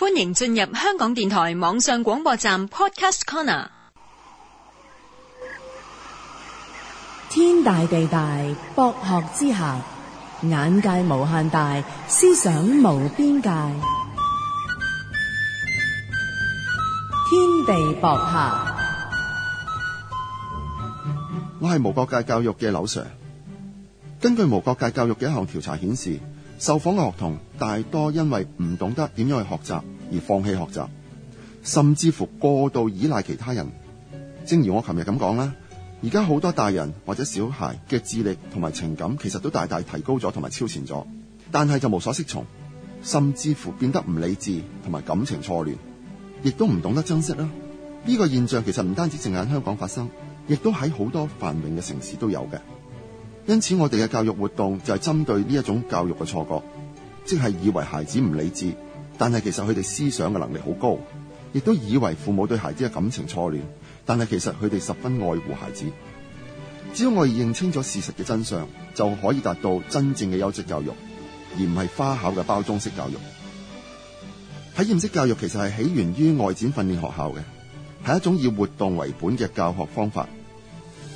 歡迎進入香港電台網上廣播站 Podcast Corner。天大地大，博學之下，眼界無限大，思想無邊界。天地博客。我係無國界教育嘅劉 Sir。根據無國界教育嘅一項調查顯示。受訪嘅學童大多因為唔懂得點樣去學習而放棄學習，甚至乎過度依賴其他人。正如我琴日咁講啦，而家好多大人或者小孩嘅智力同埋情感其實都大大提高咗同埋超前咗，但係就無所適從，甚至乎變得唔理智同埋感情錯亂，亦都唔懂得珍惜啦。呢個現象其實唔單止淨喺香港發生，亦都喺好多繁榮嘅城市都有嘅。因此，我哋嘅教育活動就係針對呢一種教育嘅錯覺，即係以為孩子唔理智，但係其實佢哋思想嘅能力好高，亦都以為父母對孩子嘅感情錯亂，但係其實佢哋十分愛護孩子。只要我哋認清咗事實嘅真相，就可以達到真正嘅優質教育，而唔係花巧嘅包裝式教育。體驗式教育其實係起源於外展訓練學校嘅，係一種以活動為本嘅教學方法。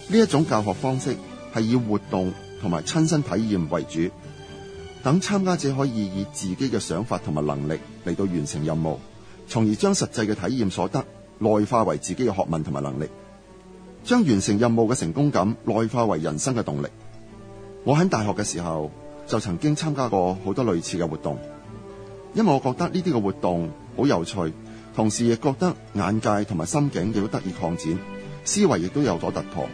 呢一種教學方式。係以活動同埋親身體驗為主，等參加者可以以自己嘅想法同埋能力嚟到完成任務，從而將實際嘅體驗所得內化為自己嘅學問同埋能力，將完成任務嘅成功感內化為人生嘅動力。我喺大學嘅時候就曾經參加過好多類似嘅活動，因為我覺得呢啲嘅活動好有趣，同時亦覺得眼界同埋心境亦都得以擴展，思維亦都有咗突破。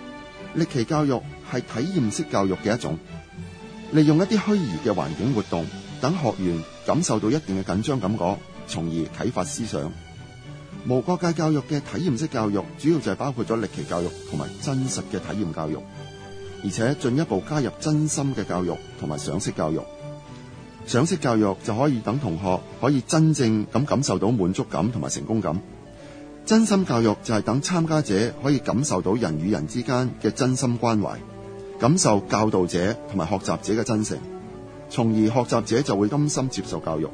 歷奇教育係體驗式教育嘅一種，利用一啲虛擬嘅環境活動，等學員感受到一定嘅緊張感覺，從而啟發思想。無國界教育嘅體驗式教育，主要就係包括咗歷奇教育同埋真實嘅體驗教育，而且進一步加入真心嘅教育同埋賞識教育。賞識教育就可以等同學可以真正咁感受到滿足感同埋成功感。真心教育就係等參加者可以感受到人與人之間嘅真心關懷，感受教導者同埋學習者嘅真誠，從而學習者就會甘心接受教育。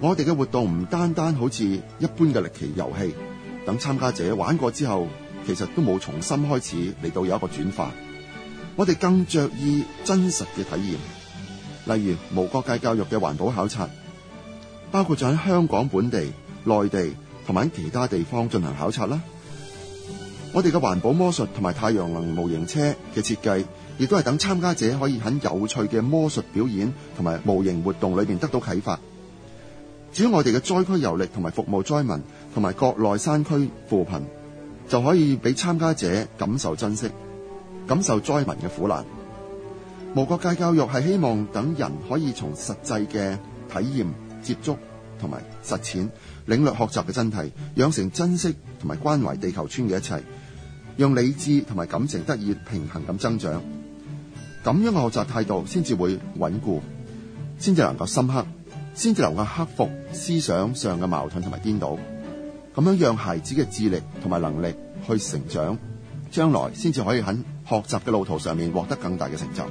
我哋嘅活動唔單單好似一般嘅歷奇遊戲，等參加者玩過之後，其實都冇重新開始嚟到有一個轉化。我哋更着意真實嘅體驗，例如無國界教育嘅環保考察，包括就喺香港本地、內地。同埋其他地方進行考察啦。我哋嘅環保魔術同埋太陽能模型車嘅設計，亦都係等參加者可以喺有趣嘅魔術表演同埋模型活動裏邊得到啟發。只要我哋嘅災區遊歷同埋服務災民同埋國內山區扶貧，就可以俾參加者感受珍惜、感受災民嘅苦難。無國界教育係希望等人可以從實際嘅體驗接觸。同埋實踐，領略學習嘅真諦，養成珍惜同埋關懷地球村嘅一切，讓理智同埋感情得以平衡咁增長。咁樣嘅學習態度先至會穩固，先至能夠深刻，先至能夠克服思想上嘅矛盾同埋顛倒。咁樣讓孩子嘅智力同埋能力去成長，將來先至可以喺學習嘅路途上面獲得更大嘅成就。